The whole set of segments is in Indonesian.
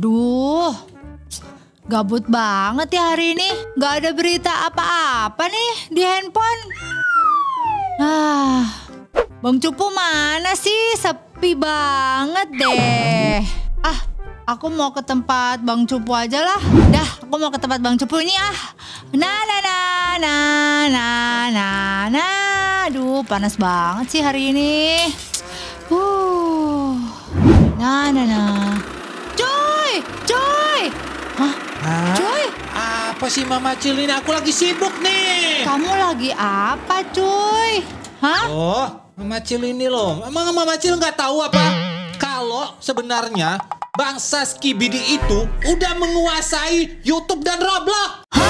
Aduh, gabut banget ya hari ini. Gak ada berita apa-apa nih di handphone. Ah, Bang Cupu mana sih? Sepi banget deh. Ah, aku mau ke tempat Bang Cupu aja lah. Dah, aku mau ke tempat Bang Cupu ini ah. Nah, nah, nah, nah, nah, nah, nah. Aduh, panas banget sih hari ini. Uh. Nah, nah, nah. Joy, Joy. Hah? Hah? Joy? Apa sih Mama Cil ini? Aku lagi sibuk nih. Kamu lagi apa cuy? Hah? Oh, Mama Cil ini loh. Emang Mama Cil nggak tahu apa? Kalau sebenarnya bangsa Skibidi itu udah menguasai YouTube dan Roblox. Hah?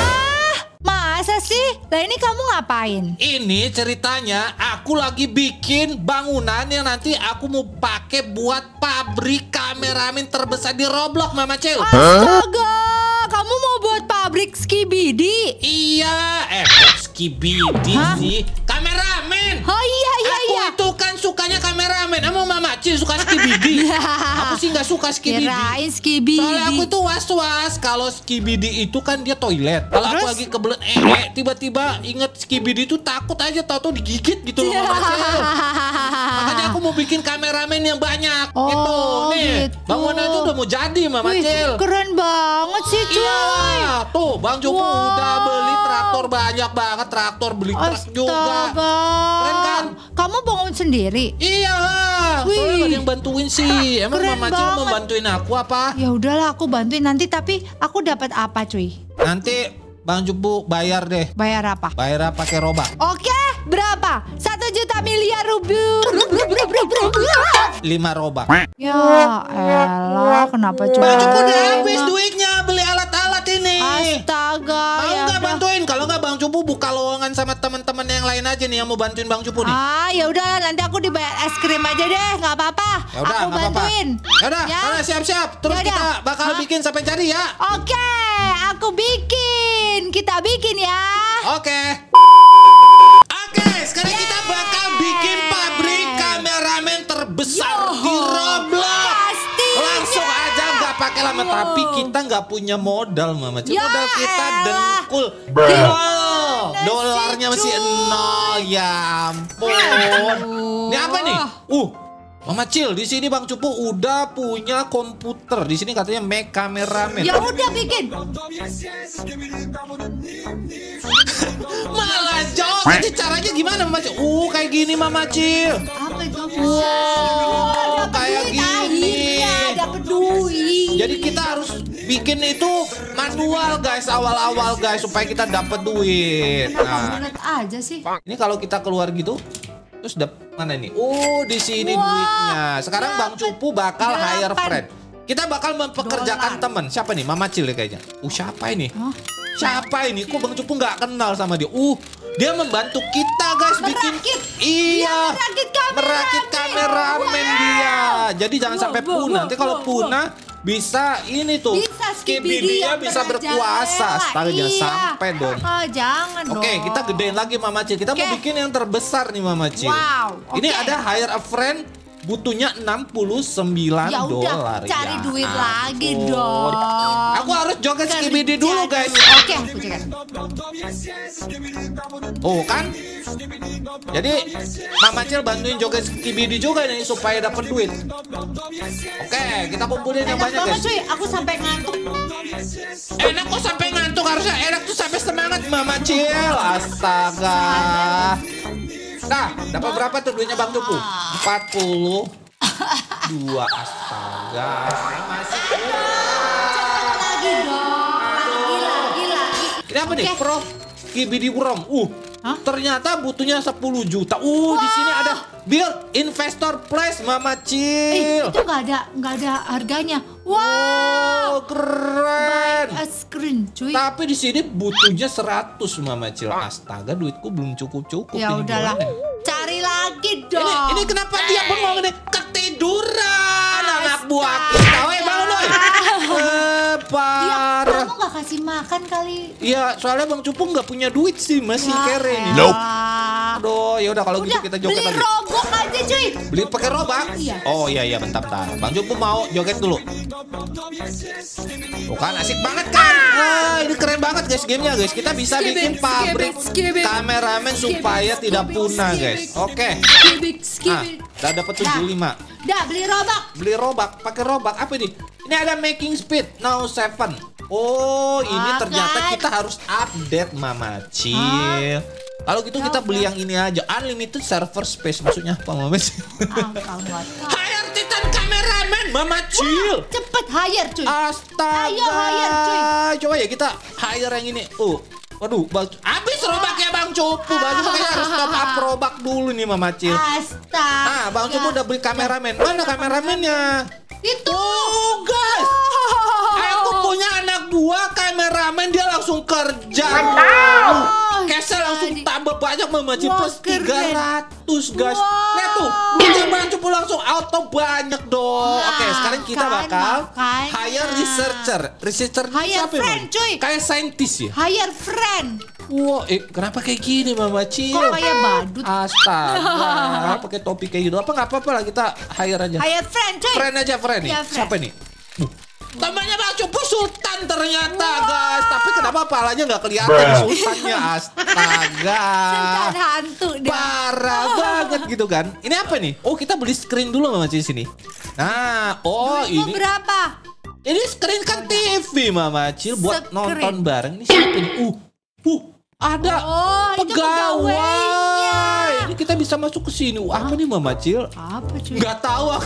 Masa sih? Lah ini kamu ngapain? Ini ceritanya aku lagi bikin bangunan yang nanti aku mau pakai buat pabrik kameramen terbesar di Roblox Mama Cil. Astaga, kamu mau buat pabrik skibidi? Iya, eh skibidi sih. ramen emang Mama Cil suka skibidi. Ya. aku sih nggak suka skibidi. Kirain skibidi. Soalnya aku tuh was-was kalau skibidi itu kan dia toilet. Kalau aku lagi kebelet ee eh, eh, tiba-tiba inget skibidi itu takut aja tau-tau digigit gitu loh Mama Makanya aku mau bikin kameramen yang banyak oh, gitu. Nih, gitu. bangunan itu udah mau jadi Mama Cil. Keren banget sih cuy. Iya, tuh Bang Joko wow. udah beli traktor banyak banget, traktor beli truk juga. Keren kan? kamu bangun sendiri? Iya. Wih. ada yang bantuin sih. Emang Mama Cil mau bantuin aku apa? Ya udahlah aku bantuin nanti tapi aku dapat apa cuy? Nanti Bang Jubu bayar deh. Bayar apa? Bayar apa pakai roba. Oke, berapa? Satu juta miliar rupiah. Lima roba. Ya Allah, kenapa cuy? Bang Jubu udah habis duit nih yang mau bantuin Bang Cupu nih? Ah, ya udah nanti aku dibayar es krim aja deh, nggak apa-apa. Yaudah, gak bantuin. Apa-apa. Ya Yaudah, ya udah, siap-siap. Terus Yaudah. kita bakal Hah? bikin sampai cari ya. Oke, okay, aku bikin. Kita bikin ya. Oke. Okay. Oke, okay, sekarang Yeay. kita bakal bikin pabrik kameramen terbesar Yoho. di Roblox. Pastinya. Langsung aja nggak pakai lama, oh. tapi kita nggak punya modal, Mama. Cuma ya modal kita dengkul. Bro. Dolarnya masih nol. Ya ampun. Ini apa nih? Uh, Mama Cil, di sini Bang Cupu udah punya komputer. Di sini katanya Mac kameramen. Ya udah bikin. Malah jawab itu caranya gimana Mama Cil? Uh, kayak gini Mama Cil. Apa itu? Wow, kayak gini. Ya. Iya. Jadi kita harus bikin itu manual guys awal-awal guys supaya kita dapat duit. Nah, aja sih. Ini kalau kita keluar gitu terus dap mana ini? Oh, di sini wow, duitnya. Sekarang Bang Cupu bakal hire friend. Kita bakal mempekerjakan teman. Siapa nih? Mama Cil ya kayaknya. Uh, siapa ini? Siapa ini? Kok Bang Cupu nggak kenal sama dia? Uh, dia membantu kita guys merakit. bikin iya merakit, merakit kameramen di jadi jangan sampai punah. Nanti kalau punah bisa ini tuh bisa Skibidia ya, bisa berkuasa astaga jangan iya. sampai dong oh, jangan oke kita gedein lagi Mama Cil kita okay. mau bikin yang terbesar nih Mama Cil wow, okay. ini ada hire a friend butuhnya 69 ya dolar cari ya duit ya. lagi dong aku harus joget skibidi dulu guys oke okay. oh kan jadi mama cil bantuin joget skibidi juga nih supaya dapat duit oke okay, kita kumpulin enak yang banyak guys cuy aku sampai ngantuk enak kok sampai ngantuk harusnya enak tuh sampai semangat mama cil astaga Nah, dapat berapa tuh duitnya Bang Tupu? 40 dua astaga masih lagi dong lagi lagi lagi kenapa okay. nih prof kibidi urom uh Hah? Ternyata butuhnya 10 juta. Uh, wow. di sini ada build investor price Mama eh, Cil. Eh, itu nggak ada nggak ada harganya. Wow, wow oh, keren. Buy a screen, cuy. Tapi di sini butuhnya 100 Mama Cil. Astaga, duitku belum cukup-cukup. Ya udahlah. Gimana? Cari lagi dong. Ini, ini kenapa hey. dia eh. bengong ini? Ketiduran Astaga. anak buah kita. Woi, bangun Eh, nggak kasih makan kali. Iya, soalnya Bang cupu nggak punya duit sih masih Wah, ya kere nih. Nope. Aduh, ya udah kalau gitu kita joget beli lagi. Beli rogok aja cuy. Beli pakai robak? Iya. Oh iya iya bentar bentar. Bang cupu mau joget dulu. Bukan asik banget kan? Wah, ini keren banget guys gamenya guys. Kita bisa bikin pabrik kameramen supaya tidak punah guys. Oke. Okay. Nah, udah dapat 75. Dah beli robak. Beli robak, pakai robak. Apa ini? Ini ada making speed now seven. Oh, ini ini ah, ternyata kita harus update Mama Cil. Huh? Ah. Kalau gitu kita beli yang ini aja, unlimited server space maksudnya apa Mama Cil? Ah, hire Titan Cameraman Mama Cil. Wah, cepet hire cuy. Astaga. Ayo hire cuy. Coba ya kita hire yang ini. Oh, waduh, habis robaknya Bang Cupu, Bang Cupu kayaknya harus top up robak dulu nih Mama Cil. Astaga. Nah, Bang Cupu udah beli kameramen. Mana kameramennya? Itu. Oh, guys. Oh. Aku punya anak buah kameramen dia langsung kerja. Mantap. Kesel langsung tambah banyak memaji plus 300 guys. Wow. Lihat tuh, lucu banget pun langsung auto banyak dong. Nah, Oke, sekarang kita kan, bakal hire researcher. Researcher hire siapa friend, cuy. Kayak saintis ya? Hire friend. Wah, wow, eh, kenapa kayak gini Mama Cil? Kok kayak badut? Astaga, pakai topi kayak gitu. Apa nggak apa-apa lah kita hire aja. Hire friend, cuy. Friend aja friend nih. Ya, friend. Siapa nih? Temannya Bang Cupu Sultan ternyata wow. guys apa palanya nggak kelihatan sultannya astaga sultan hantu deh. parah oh. banget gitu kan ini apa nih oh kita beli screen dulu sama di sini nah oh Duitmu ini berapa ini screen kan TV Mama Cil buat screen. nonton bareng ini siapa ini uh uh ada oh, pegawai ini kita bisa masuk ke sini. Wah, uh, apa nih Mama Cil? Apa Cil Gak tahu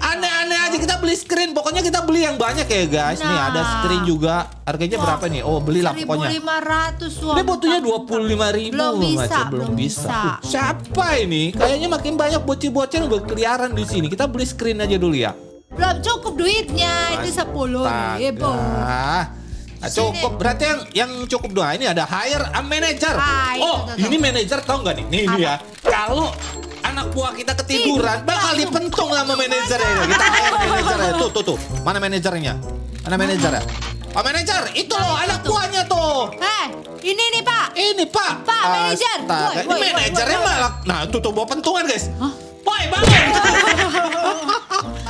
Aneh kita beli screen. Pokoknya kita beli yang banyak ya guys. Nah. Nih ada nah. screen juga. Harganya wah, berapa nih? Oh belilah 1, pokoknya. 1500 Ini puluh 25 ribu. Belum bisa. Belum, bisa. siapa ini? Kayaknya makin banyak bocil-bocil yang keliaran di sini. Kita beli screen aja dulu ya. Belum cukup duitnya. Ini 10 ribu. Nah, cukup berarti yang yang cukup doa ini ada hire a manager. Ah, oh, ini manager tau nggak nih? Ini ini dia. Ya. Kalau anak buah kita ketiduran, bakal dipentung sama manajernya. Kita manajernya. Tuh, tuh, tuh. Mana manajernya? Mana manajernya? Pak oh, manajer, itu loh anak buahnya tuh. Eh, ini nih Pak. Ini Pak. Pak manajer. Ini manajernya malah. Nah, tuh tuh bawa pentungan guys. Boy, bangun.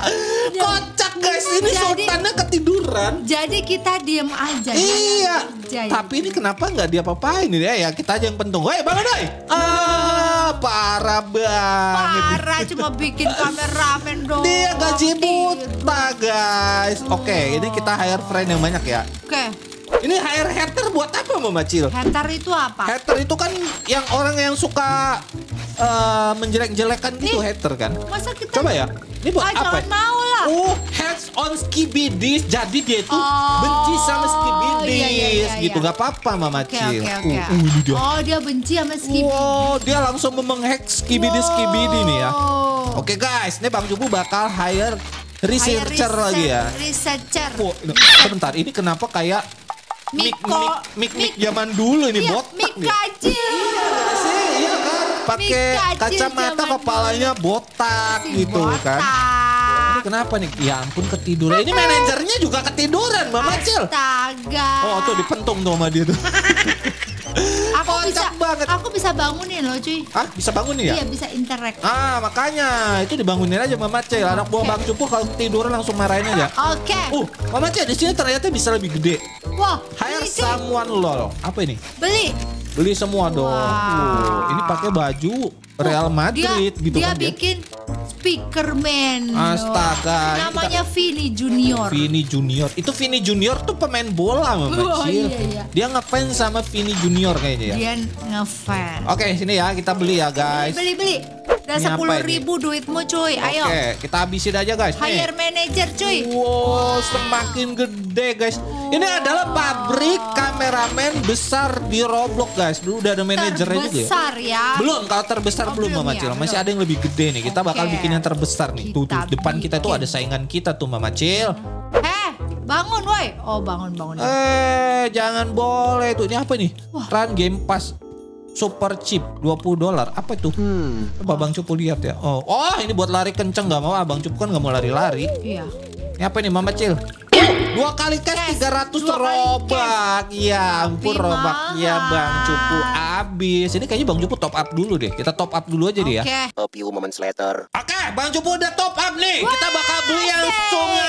Iya. Kocak guys, ini jadi, sultannya ketiduran. Jadi kita diem aja. Iya. Ya. Tapi ini kenapa nggak dia apain ini ya? ya? Kita aja yang penting. Hei bangun doi. Ah, parah banget. Parah cuma bikin kameramen dong. Dia gaji buta guys. Oke, okay, ini kita hire friend yang banyak ya. Oke. Okay. Ini hire head hater buat apa Mama Cil? Hater itu apa? Hater itu kan yang orang yang suka uh, menjelek-jelekan gitu hater kan. Masa kita Coba ya. Ini buat oh, apa? mau lah. Oh, heads on skibidis. Jadi dia tuh oh, benci sama iya, iya, iya, skibidis iya, iya, iya, gitu. Gak apa-apa Mama Cil. Okay, okay. Uh, oh, uh, oh, dia. Oh, dia benci sama skibidis. Wow, oh, dia langsung menghack skibidis-skibidi wow. nih ya. Oke okay, guys, ini Bang Jubu bakal hire researcher Hire lagi ya. Researcher. Oh, sebentar, ini kenapa kayak Miko, mik, mik, mik, zaman dulu ini iya, botak mik kacil. Iya sih? Iya kan? Pakai kacamata kepalanya botak si gitu botak. kan. Ini kenapa nih? Ya ampun ketiduran. Ini manajernya juga ketiduran, Mama Cil. Astaga. Oh, tuh dipentung tuh sama dia tuh. bisa banget. Aku bisa bangunin loh cuy. Ah bisa bangunin ya? Iya bisa interact. Ah makanya itu dibangunin aja Mama Cel. Anak buah Bang Cupu kalau tidur langsung marahin aja. Oke. Okay. Uh Mama Cel di sini ternyata bisa lebih gede. Wah. Hire someone lol. Apa ini? Beli. Beli semua dong. Wow. Ini pakai baju Real oh, Madrid dia, gitu dia kan. Dia ya? bikin Speakerman. Astaga. Namanya kita, Vini Junior. Vini Junior. Itu Vini Junior tuh pemain bola sama oh, Iya, iya. Dia ngefans sama Vini Junior kayaknya ya. Dia ngefans. Oke, sini ya kita beli ya guys. beli. beli udah sepuluh ribu ini. duitmu cuy, ayo. Oke, kita habisin aja guys. Hire manager cuy. Wow, semakin gede guys. Ini adalah pabrik kameramen besar di Roblox guys. Dulu udah ada manajernya juga. Ya? Terbesar ya. Belum, kalau terbesar oh, belum Mama ya? Cil. Masih belum. ada yang lebih gede nih. Kita okay. bakal bikin yang terbesar nih. Kita tuh, tuh depan kita tuh ada saingan kita tuh Mama Cil. Eh, bangun woi. Oh, bangun bangun. Eh, jangan boleh tuh. Ini apa nih? Wah. Run game pass super chip 20 dolar apa itu hmm. coba Bang Cupu lihat ya oh oh ini buat lari kenceng nggak mau Abang Cupu kan nggak mau lari-lari iya ini apa nih Mama Cil dua kali cash tiga ratus robak ya ampun robak ya bang cupu abis ini kayaknya bang cupu top up dulu deh kita top up dulu aja okay. deh ya a few moments later oke okay, bang cupu udah top up nih Wah, kita bakal beli yang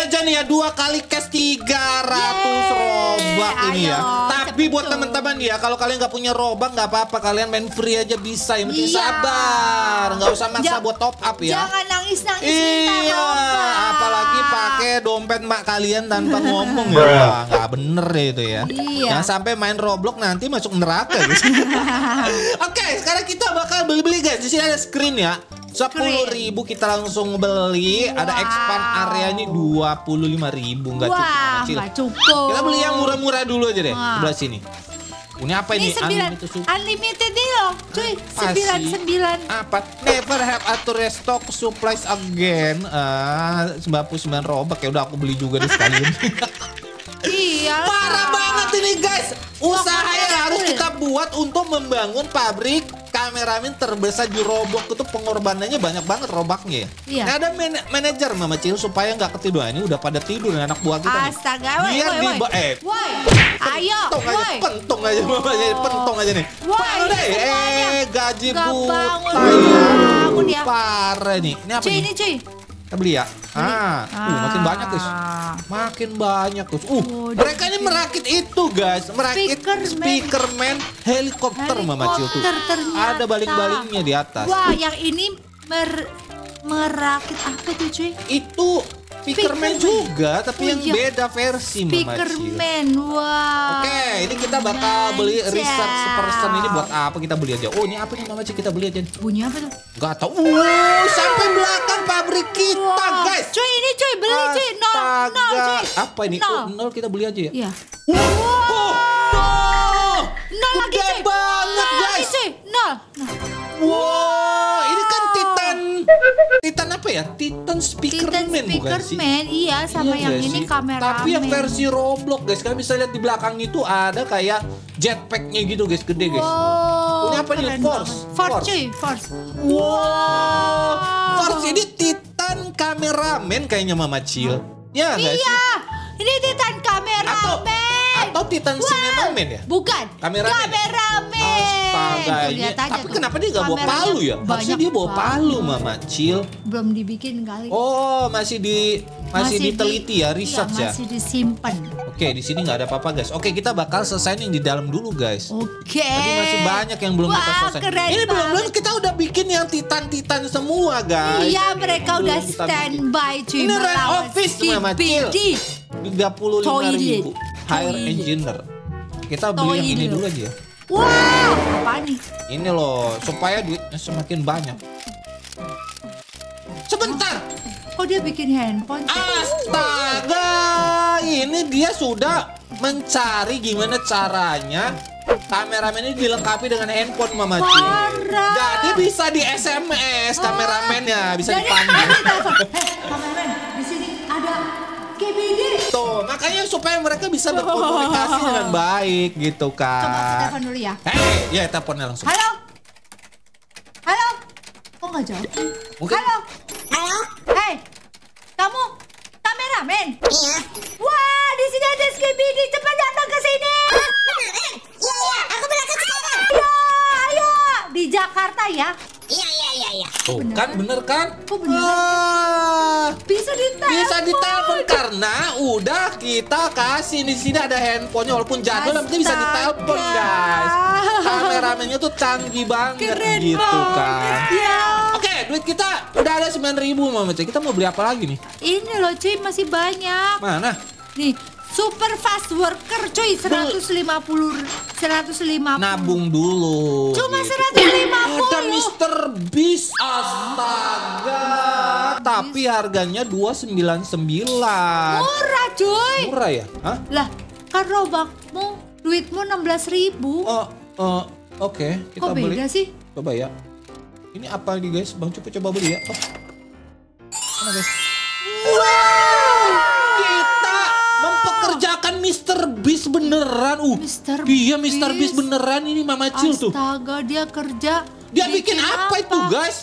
aja nih ya dua kali cash tiga ratus robak ini ya tapi buat temen teman-teman ya kalau kalian nggak punya robang nggak apa-apa kalian main free aja bisa yang penting iya. sabar nggak usah maksa buat top up ya jangan nangis nangis iya apalagi pakai dompet mak kalian tanpa ngomong ya nggak bener ya itu ya iya. jangan sampai main roblox nanti masuk neraka oke okay, sekarang kita bakal beli-beli guys di sini ada screen ya sepuluh ribu kita langsung beli wow. ada expand areanya dua puluh lima ribu nggak cukup cukup kita beli yang murah-murah dulu aja deh wow. sebelah sini ini apa ini? ini? unlimited, unlimited deal, cuy. Sembilan sembilan. Apa? Never have a to restock supplies again. Ah, puluh sembilan robek ya udah aku beli juga deh sekalian. iya. Parah banget ini guys. Usaha yang harus kita buat untuk membangun pabrik kameramen terbesar di Robok itu pengorbanannya banyak banget robaknya ya. Iya. Nah, ada man manajer Mama Cil supaya nggak ketiduran Ini udah pada tidur anak buah kita. Astaga, woi, woi, woi. Eh, woi. Ayo, pentong aja, pentong aja Mama Cil, pentong aja nih. Woi, eh, gaji buta. Bangun, ya. bangun ya. Parah nih. Ini apa nih? ini cuy. Kita beli ya. Ah, ah. Uh, makin banyak guys. Ah. Makin banyak guys. Uh, mereka ini merakit itu guys, merakit speaker, speaker man, man helikopter, helikopter Mama Cil tuh. Ada baling-balingnya di atas. Wah, yang ini mer merakit apa tuh cuy? Itu Speakerman juga, tapi oh, yang iya. beda versi Speakerman, wow. Oke, okay, ini kita bakal beli riset Superstar ini buat apa kita beli aja? Oh, ini apa nih Mama Cik kita beli aja? Bunyi apa tuh? Gak tau. Wow, wow. sampai belakang pabrik kita, wow. guys. Cuy, ini cuy beli cuy. Nol, nol cuy. Apa ini? Nol. Oh, nol kita beli aja ya? Iya. Wow. Oh, nol. Nol lagi cuy. banget, guys. Lagi, cuy. Nol. nol. Wow. Titan apa ya? Titan Speaker Titan Man Speaker bukan sih? Man, iya sama iya yang ini kamera. Tapi yang versi Roblox guys, kalian bisa lihat di belakang itu ada kayak jetpacknya gitu guys, gede guys. Wow, ini apa nih? Force. Force. Force cuy, Force. Wow. wow. Force ini Titan kameramen kayaknya Mama Cil. Ya iya. Iya. Ini Titan kameramen. Atau, atau Titan wow. Man ya? Bukan. Kameramen. Ya? Kameramen. Ya? kayaknya. Tapi tuh. kenapa dia gak bawa palu ya? Masih dia bawa palu, palu Mama Cil. Belum dibikin kali. Oh, masih di masih, masih diteliti di, ya, research iya, ya. Masih disimpan. Oke, di sini nggak ada apa-apa guys. Oke, kita bakal selesai yang di dalam dulu guys. Oke. Okay. Tadi masih banyak yang belum Wah, kita selesai. Keren Ini belum belum kita udah bikin yang titan-titan semua guys. Iya, mereka belum udah standby cuy. Ini rent office Mama Cil. lima ribu. Hire engineer. Kita beli yang ini dulu aja ya. Wah, apa nih? Ini loh, supaya duitnya semakin banyak. Sebentar. kok dia bikin handphone. Astaga, ini dia sudah mencari gimana caranya kameramen ini dilengkapi dengan handphone Mama Ci. Jadi bisa di SMS kameramennya, bisa oh, dipanggil. Eh, kameramen, Tuh, makanya supaya mereka bisa berkomunikasi dengan baik gitu kan. Coba telepon dulu ya. Hei, eh, ya teleponnya langsung. Halo. Halo. Kok nggak jawab? Mungkin. Halo. Halo. Hei, kamu kameramen? Iya. Wah, di sini ada SKBD. Cepat datang ke sini. Iya iya, iya, iya. Aku berangkat sekarang. Ayo, ayo. Di Jakarta ya iya iya. Tuh bener. kan, kan? bener kan? Oh bener. Kan? Ah, bisa ditelepon. Bisa ditelepon karena udah kita kasih di sini ada handphonenya walaupun jadul tapi bisa ditelepon guys. Kameramennya tuh canggih banget Keren gitu banget. kan. Ya. Oke, duit kita udah ada sembilan ribu Mama cek Kita mau beli apa lagi nih? Ini loh cuy masih banyak. Mana? Nih, Super fast worker cuy 150 150 nabung dulu. Cuma gitu. 150 lebih. Astaga. Tapi harganya dua sembilan sembilan Murah cuy. Murah ya? Hah? Lah, kan robakmu duitmu enam belas ribu. Oh, uh, oke. Okay. Kita Kok beli. beda sih? Coba ya. Ini apa nih guys? Bang Cupu coba beli ya. Oh. Mana guys? Wow! Kita mempekerjakan Mr. Beast beneran. Uh, Mister iya, Beast. Iya Mr. Beast beneran ini Mama Cil tuh. Astaga dia kerja dia bikin, bikin apa, itu guys?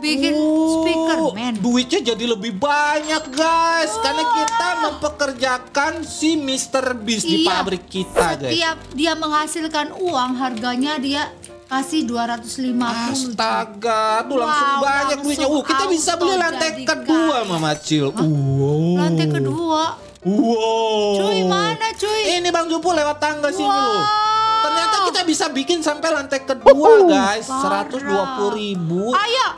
Bikin oh, speaker man. Duitnya jadi lebih banyak guys, oh. karena kita mempekerjakan si Mr. Beast iya. di pabrik kita guys. Setiap dia menghasilkan uang, harganya dia kasih 250 Astaga, tuh langsung banyak duitnya. Uh, kita bisa beli lantai kedua, Mama Cil. Uh, Wow. Lantai kedua. Wow. Cuy, mana cuy? Ini Bang Jupu lewat tangga wow. sini loh. Ternyata kita bisa bikin sampai lantai kedua, uh-uh. guys. seratus dua puluh ribu. Ayo.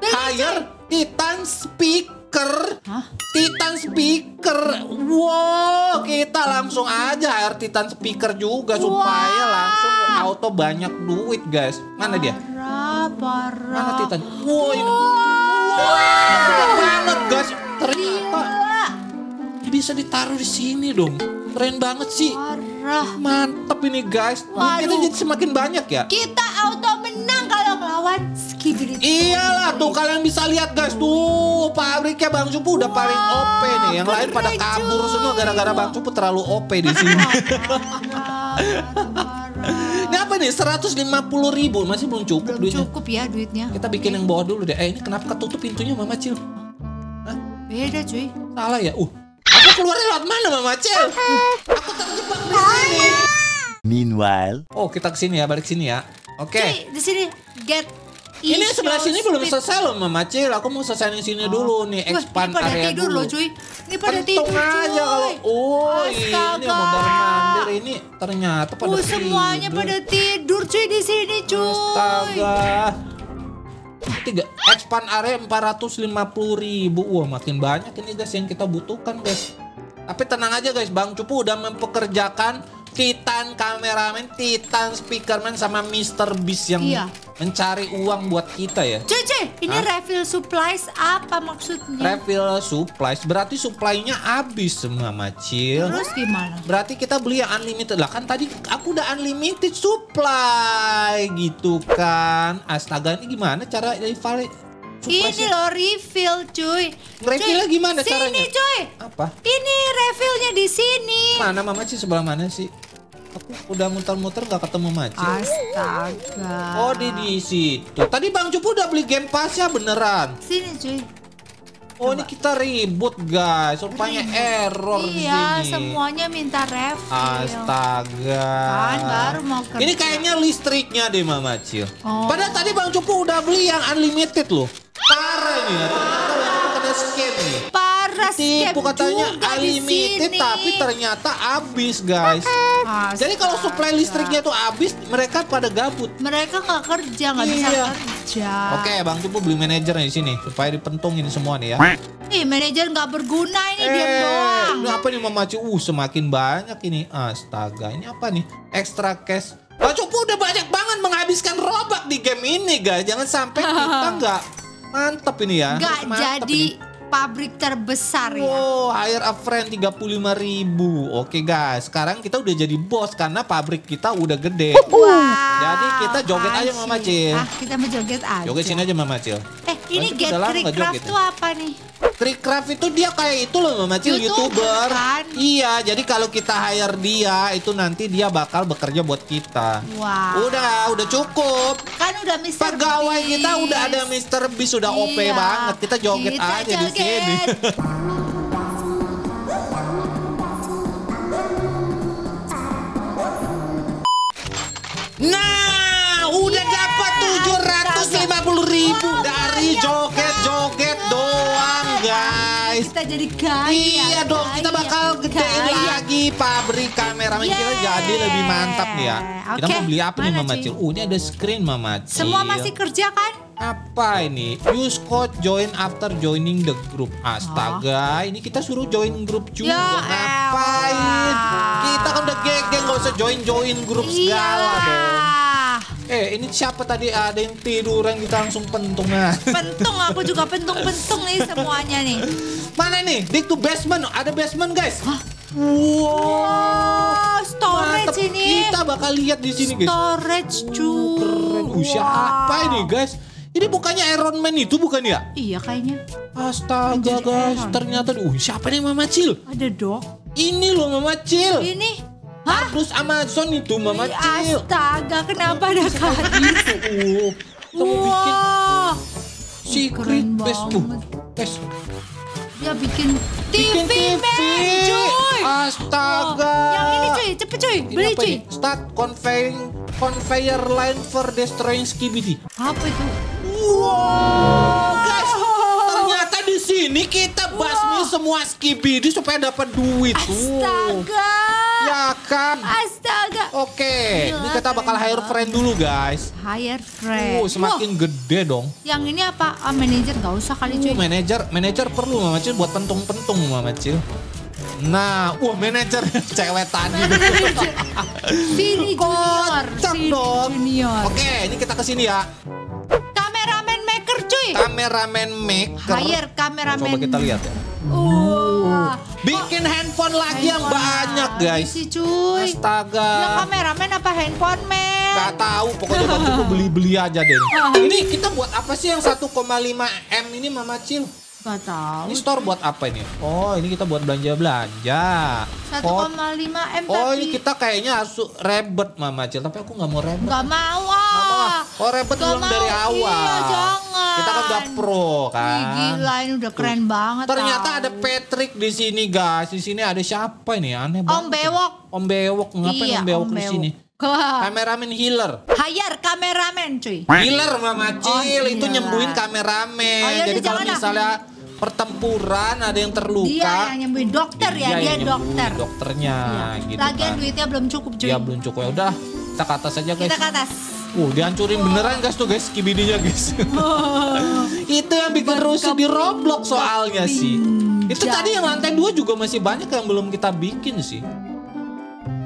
higher Titan Speaker. Hah? Titan Speaker. Wow, kita langsung aja air Titan Speaker juga wow. supaya langsung auto banyak duit, guys. Mana dia? Parah, Mana Titan? Wow, ini. Wow. wow. wow. banget, guys. Ternyata iya bisa ditaruh di sini dong. Keren banget sih. Parah. Mantep ini guys. Waduh. Kita jadi semakin banyak ya. Kita auto menang kalau melawan Skibidi. Iyalah tuh kalian bisa lihat guys tuh pabriknya Bang Cupu udah wow, paling OP nih. Yang lain pada kabur semua gara-gara Bang Cupu terlalu OP di sini. Ini apa nih? 150 ribu masih belum cukup belum duitnya. Cukup ya duitnya. Kita bikin yang bawah dulu deh. Eh ini kenapa ketutup pintunya Mama Cil? Hah? Beda cuy. Salah ya? Uh keluar lewat mana Mama Cel? Aku terjebak di sini. Meanwhile. Oh, kita kesini ya, balik sini ya. Oke. Okay. di sini get ini sebelah sini belum selesai loh Mama Cil. Aku mau selesai di sini oh. dulu nih expand Wah, ini pada dulu. loh cuy. Ini pada Pentung tidur aja cuy. kalau oh Astaga. ini mau mandir ini ternyata pada uh, semuanya tidur. pada tidur cuy di sini cuy. Astaga. Tiga expand area empat ratus lima puluh ribu. Wah makin banyak ini guys yang kita butuhkan guys. Tapi tenang aja guys, Bang Cupu udah mempekerjakan Titan kameramen, Titan speakerman sama Mr. Beast yang iya. mencari uang buat kita ya. Cuci, ini Hah? refill supplies apa maksudnya? Refill supplies berarti supply-nya habis semua Macil. Terus gimana? Berarti kita beli yang unlimited. Lah kan tadi aku udah unlimited supply gitu kan. Astaga ini gimana cara valid ini lo refill cuy. Refill gimana sini, caranya? Sini cuy. Apa? Ini refillnya di sini. Mana mama sih sebelah mana sih? Aku udah muter-muter gak ketemu Maci. Astaga. Oh di di situ. Tadi Bang Cupu udah beli game pass ya beneran. Sini cuy. Oh Coba. ini kita ribut guys, rupanya ribut. error iya, di sini. Iya, semuanya minta refill. Astaga. Kan baru mau kerja. Ini kayaknya listriknya deh Mama Cil. Oh. Padahal tadi Bang Cupu udah beli yang unlimited loh. Parah ini ya, ternyata mereka kena scam nih. Parah scam Tipu katanya unlimited tapi ternyata habis guys. Astaga. Jadi kalau supply listriknya tuh habis, mereka pada gabut. Mereka nggak kerja, nggak iya. bisa kerja. Oke, Bang Tipu beli manajer di sini supaya dipentungin semua nih ya. Ih, manajer nggak berguna ini eh, diam doang. Ini apa nih memacu? Uh, semakin banyak ini. Astaga, ini apa nih? Extra cash. Bang Cupu udah banyak banget menghabiskan robak di game ini, guys. Jangan sampai kita nggak Mantap ini ya. Gak jadi ini. pabrik terbesar ya? wow, ya. Oh, hire a friend 35 ribu. Oke guys, sekarang kita udah jadi bos karena pabrik kita udah gede. Wow. Jadi kita joget Asyik. aja Mama Cil. Ah, kita mau joget aja. Joget sini aja Mama Cil. Eh, ini Masih get craft tuh ya? apa nih? Tricraft itu dia kayak itu loh Mama Cil, YouTuber. Kan? Iya, jadi kalau kita hire dia itu nanti dia bakal bekerja buat kita. Wow. Udah, udah cukup. Kan udah Mr. Pegawai kita udah ada Mr. Beast udah iya. OP banget. Kita joget kita aja joget. di sini. nah, udah yeah. dapat 750 ribu dari Joget kita jadi gaya. Iya dong, gaya, kita bakal gedein lagi pabrik kamera yeah. kita jadi lebih mantap nih ya. Okay. Kita mau beli apa Mana nih Mama Cil? Uh, ini ada screen Mama Cil. Semua masih kerja kan? apa ini? Use code join after joining the group. Astaga, oh. ini kita suruh join grup juga. Ya Ngapain? Kita kan udah geng-geng gak usah join-join grup segala iya. dong. Eh ini siapa tadi ada yang tidur yang kita langsung pentung ah. Pentung aku juga pentung-pentung nih semuanya nih. Mana nih? Dig to basement. Ada basement guys. Hah? Wow. wow storage Mantep. ini. Kita bakal lihat di sini guys. Storage cuy. Keren. wow. apa ini guys? Ini bukannya Iron Man itu bukan ya? Iya kayaknya. Astaga guys, ternyata uh siapa nih Mama Cil? Ada dok. Ini loh Mama Cil. Ini harus Amazon itu Mama Ih, Astaga, kenapa ada kaki? Uh, oh, oh. kamu bikin secret Keren best. Dia bikin TV, bikin cuy. Astaga. Oh, yang ini cuy, cepet cuy, ini beli cuy. Start conveying conveyor line for destroying skibidi. Apa itu? Wow, guys, ternyata di sini kita basmi wow. semua skibidi supaya dapat duit. Astaga. Ya kan. Astaga. Oke, ini kita bakal hire friend dulu guys. Hire friend. Uh, semakin Wah. gede dong. Yang ini apa? Uh, ah, manager nggak usah kali uh, cuy. Uh, manager, manager perlu Mama Cil buat pentung-pentung Mama Cil. Nah, wah uh, manajer cewek tadi. Senior, Junior. Kocak dong. Junior. Oke, ini kita kesini ya. Kameramen maker. Hire kameramen. Coba kita lihat ya. Uh. Bikin oh. handphone lagi yang banyak guys. Sih cuy. Astaga. Ya kameramen apa handphone men? Gak tahu pokoknya waktu itu beli-beli aja deh. Ah. ini kita buat apa sih yang 1,5 M ini Mama Cil? Gak tahu. Ini store buat apa ini? Oh, ini kita buat belanja-belanja. 1,5 oh, M Oh, ini kita kayaknya harus rebet Mama Cil, tapi aku gak mau rebet. Gak mau, ah jangan. Oh repot ulang dari awal. Iya, jangan. Kita kan udah pro kan. Ih, gila ini udah keren banget. Ternyata tau. ada Patrick di sini guys. Di sini ada siapa ini? Aneh banget. Om Bewok. Om Bewok ngapain iya, Om Bewok di sini? Kameramen healer. Hayar kameramen cuy. Healer Mama Cil oh, itu iya. nyembuhin kameramen. Oh, iya, Jadi kalau ah. misalnya pertempuran ada yang terluka dia yang nyembuhin dokter dia ya iya, dia yang dokter dokternya iya. gitu lagian kan. duitnya belum cukup cuy ya belum cukup ya udah kita ke atas aja guys kita ke atas Uh, dihancurin beneran guys tuh guys kibidinya guys. itu yang bikin rusuh di Roblox soalnya sih. Itu tadi yang lantai dua juga masih banyak yang belum kita bikin sih.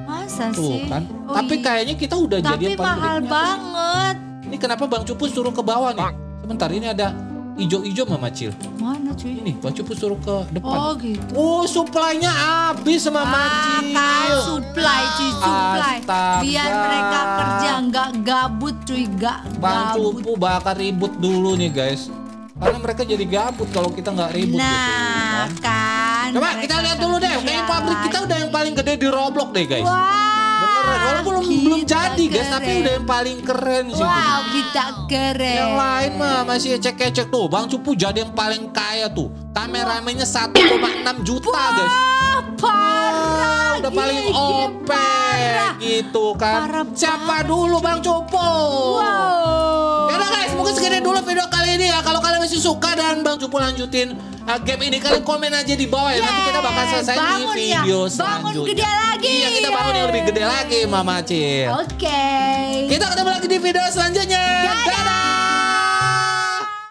Masa tuh, sih? kan. Oh Tapi iya. kayaknya kita udah Tapi jadi Tapi mahal banget. Ini kenapa Bang Cupu suruh ke bawah nih? Sebentar ini ada ijo-ijo Mama Cil. Mana cuy? Ini baju Cupu ke depan. Oh gitu. Oh suplainya habis sama Mama ah, Cil. Kan supply cuy ah, supply. Astaga. Biar mereka kerja nggak gabut cuy nggak Bang gabut. Cupu bakal ribut dulu nih guys. Karena mereka jadi gabut kalau kita nggak ribut nah, gitu. Ya kan? kan. Coba kita lihat dulu deh. Kayaknya pabrik kita udah yang paling gede di Roblox deh guys. Wow keren. Walaupun belum belum jadi keren. guys, tapi udah yang paling keren sih. Wow, kita keren. Yang lain mah masih cek cek tuh. Bang Cupu jadi yang paling kaya tuh. Kameramennya enam juta Wah, guys. Parah. Wow, udah paling OP gitu kan. Parah Siapa dulu Bang Cupu? Wow. Yaudah, mungkin segini dulu video kali ini ya. Kalau kalian masih suka dan Bang Cupu lanjutin uh, game ini, kalian komen aja di bawah ya. Yeah. Nanti kita bakal selesai di ya. video ya. selanjutnya. Bangun lagi. Iya, kita bangun yang lebih gede lagi, Mama Cil. Oke. Okay. Kita ketemu lagi di video selanjutnya. Dadah. Dadah.